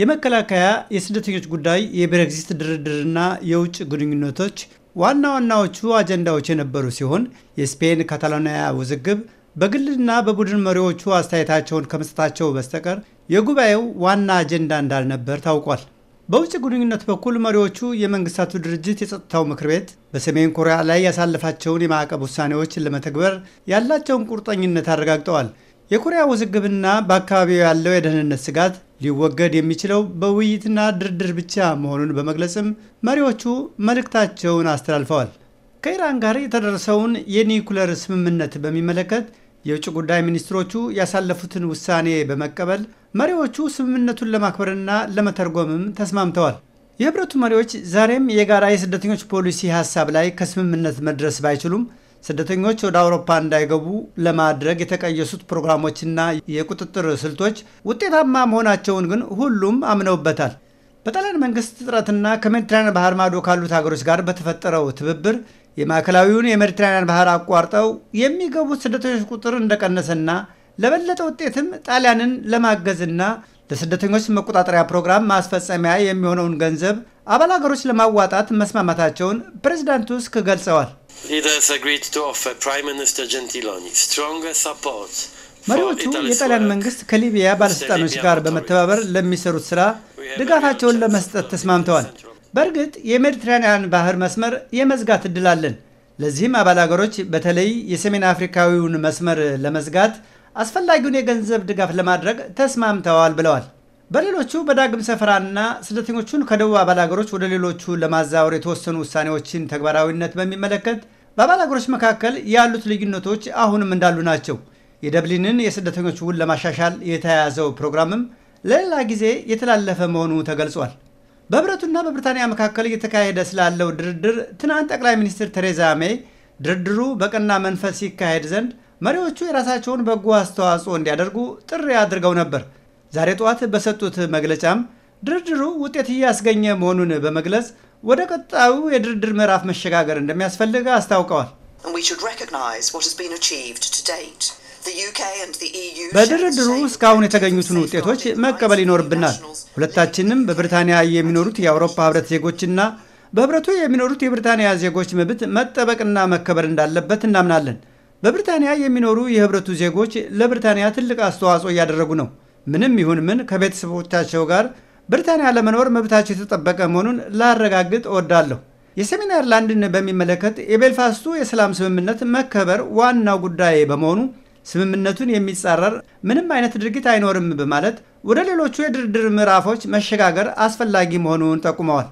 የመከላከያ የስደተኞች ጉዳይ የብሬግዚት ድርድርና የውጭ ግንኙነቶች ዋና ዋናዎቹ አጀንዳዎች የነበሩ ሲሆን የስፔን ካታሎኒያ ውዝግብ በግልና በቡድን መሪዎቹ አስተያየታቸውን ከመስጠታቸው በስተቀር የጉባኤው ዋና አጀንዳ እንዳልነበር ታውቋል። በውጭ ግንኙነት በኩል መሪዎቹ የመንግስታቱ ድርጅት የጸጥታው ምክር ቤት በሰሜን ኮሪያ ላይ ያሳለፋቸውን የማዕቀብ ውሳኔዎች ለመተግበር ያላቸውን ቁርጠኝነት አረጋግጠዋል። የኮሪያ ውዝግብና በአካባቢው ያለው የደህንነት ስጋት ሊወገድ የሚችለው በውይይትና ድርድር ብቻ መሆኑን በመግለጽም መሪዎቹ መልእክታቸውን አስተላልፈዋል። ከኢራን ጋር የተደረሰውን የኒውክለር ስምምነት በሚመለከት የውጭ ጉዳይ ሚኒስትሮቹ ያሳለፉትን ውሳኔ በመቀበል መሪዎቹ ስምምነቱን ለማክበርና ለመተርጎምም ተስማምተዋል። የህብረቱ መሪዎች ዛሬም የጋራ የስደተኞች ፖሊሲ ሀሳብ ላይ ከስምምነት መድረስ ባይችሉም ስደተኞች ወደ አውሮፓ እንዳይገቡ ለማድረግ የተቀየሱት ፕሮግራሞችና የቁጥጥር ስልቶች ውጤታማ መሆናቸውን ግን ሁሉም አምነውበታል። በጣሊያን መንግስት ጥረትና ከሜዲትራንያን ባህር ማዶ ካሉት ሀገሮች ጋር በተፈጠረው ትብብር የማዕከላዊውን የሜዲትራንያን ባህር አቋርጠው የሚገቡት ስደተኞች ቁጥር እንደቀነሰና ለበለጠ ውጤትም ጣሊያንን ለማገዝና ለስደተኞች መቆጣጠሪያ ፕሮግራም ማስፈጸሚያ የሚሆነውን ገንዘብ አባል ሀገሮች ለማዋጣት መስማማታቸውን ፕሬዚዳንት ቱስክ ገልጸዋል። መሪዎቹ የጣሊያን መንግስት ከሊቢያ ባለሥልጣኖች ጋር በመተባበር ለሚሰሩት ሥራ ድጋፋቸውን ለመስጠት ተስማምተዋል። በእርግጥ የሜዲትራንያን ባህር መስመር የመዝጋት እድል አለን። ለዚህም አባል አገሮች በተለይ የሰሜን አፍሪካዊውን መስመር ለመዝጋት አስፈላጊውን የገንዘብ ድጋፍ ለማድረግ ተስማምተዋል ብለዋል። በሌሎቹ በዳግም ሰፈራና ስደተኞቹን ከደቡብ አባል ሀገሮች ወደ ሌሎቹ ለማዛወር የተወሰኑ ውሳኔዎችን ተግባራዊነት በሚመለከት በአባል ሀገሮች መካከል ያሉት ልዩነቶች አሁንም እንዳሉ ናቸው። የደብሊንን የስደተኞች ውል ለማሻሻል የተያያዘው ፕሮግራምም ለሌላ ጊዜ የተላለፈ መሆኑ ተገልጿል። በህብረቱና በብሪታንያ መካከል እየተካሄደ ስላለው ድርድር ትናንት ጠቅላይ ሚኒስትር ቴሬዛ ሜይ ድርድሩ በቀና መንፈስ ይካሄድ ዘንድ መሪዎቹ የራሳቸውን በጎ አስተዋጽኦ እንዲያደርጉ ጥሪ አድርገው ነበር። ዛሬ ጠዋት በሰጡት መግለጫም ድርድሩ ውጤት እያስገኘ መሆኑን በመግለጽ ወደ ቀጣዩ የድርድር ምዕራፍ መሸጋገር እንደሚያስፈልግ አስታውቀዋል። e በድርድሩ እስካሁን የተገኙትን ውጤቶች መቀበል ይኖርብናል። ሁለታችንም በብሪታንያ የሚኖሩት የአውሮፓ ህብረት ዜጎችና በህብረቱ የሚኖሩት የብሪታንያ ዜጎች መብት መጠበቅና መከበር እንዳለበት እናምናለን። በብሪታንያ የሚኖሩ የህብረቱ ዜጎች ለብሪታንያ ትልቅ አስተዋጽኦ እያደረጉ ነው። ምንም ይሁን ምን ከቤተሰቦቻቸው ጋር ብሪታንያ ለመኖር መብታቸው የተጠበቀ መሆኑን ላረጋግጥ እወዳለሁ። የሰሜን ላንድን በሚመለከት የቤልፋስቱ የሰላም ስምምነት መከበር ዋናው ጉዳይ በመሆኑ ስምምነቱን የሚጻረር ምንም አይነት ድርጊት አይኖርም በማለት ወደ ሌሎቹ የድርድር ምዕራፎች መሸጋገር አስፈላጊ መሆኑን ጠቁመዋል።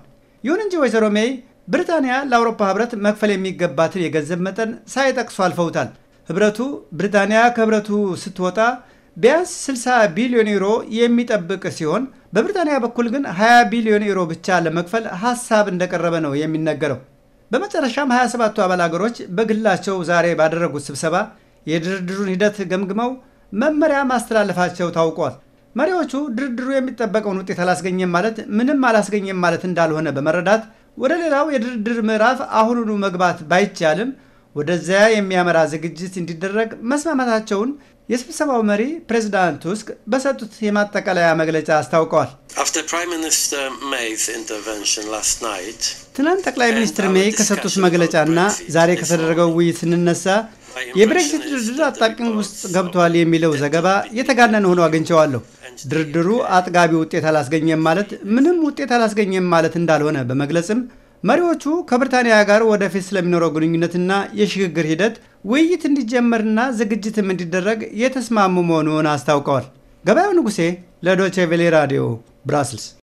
ይሁን እንጂ ወይዘሮ ሜይ ብሪታንያ ለአውሮፓ ህብረት መክፈል የሚገባትን የገንዘብ መጠን ሳይጠቅሱ አልፈውታል። ህብረቱ ብሪታንያ ከህብረቱ ስትወጣ ቢያንስ 60 ቢሊዮን ዩሮ የሚጠብቅ ሲሆን በብሪታንያ በኩል ግን 20 ቢሊዮን ዩሮ ብቻ ለመክፈል ሀሳብ እንደቀረበ ነው የሚነገረው። በመጨረሻም 27ቱ አባል አገሮች በግላቸው ዛሬ ባደረጉት ስብሰባ የድርድሩን ሂደት ገምግመው መመሪያ ማስተላለፋቸው ታውቋል። መሪዎቹ ድርድሩ የሚጠበቀውን ውጤት አላስገኘም ማለት ምንም አላስገኘም ማለት እንዳልሆነ በመረዳት ወደ ሌላው የድርድር ምዕራፍ አሁኑኑ መግባት ባይቻልም ወደዚያ የሚያመራ ዝግጅት እንዲደረግ መስማማታቸውን የስብሰባው መሪ ፕሬዚዳንት ቱስክ በሰጡት የማጠቃለያ መግለጫ አስታውቀዋል። ትናንት ጠቅላይ ሚኒስትር ሜይ ከሰጡት መግለጫና ዛሬ ከተደረገው ውይይት ስንነሳ የብሬክሲት ድርድር አጣቅም ውስጥ ገብቷል የሚለው ዘገባ የተጋነን ሆኖ አግኝቸዋለሁ። ድርድሩ አጥጋቢ ውጤት አላስገኘም ማለት ምንም ውጤት አላስገኘም ማለት እንዳልሆነ በመግለጽም መሪዎቹ ከብሪታንያ ጋር ወደፊት ስለሚኖረው ግንኙነትና የሽግግር ሂደት ውይይት እንዲጀመርና ዝግጅትም እንዲደረግ የተስማሙ መሆኑን አስታውቀዋል። ገበያው ንጉሴ ለዶቼ ቬሌ ራዲዮ ብራስልስ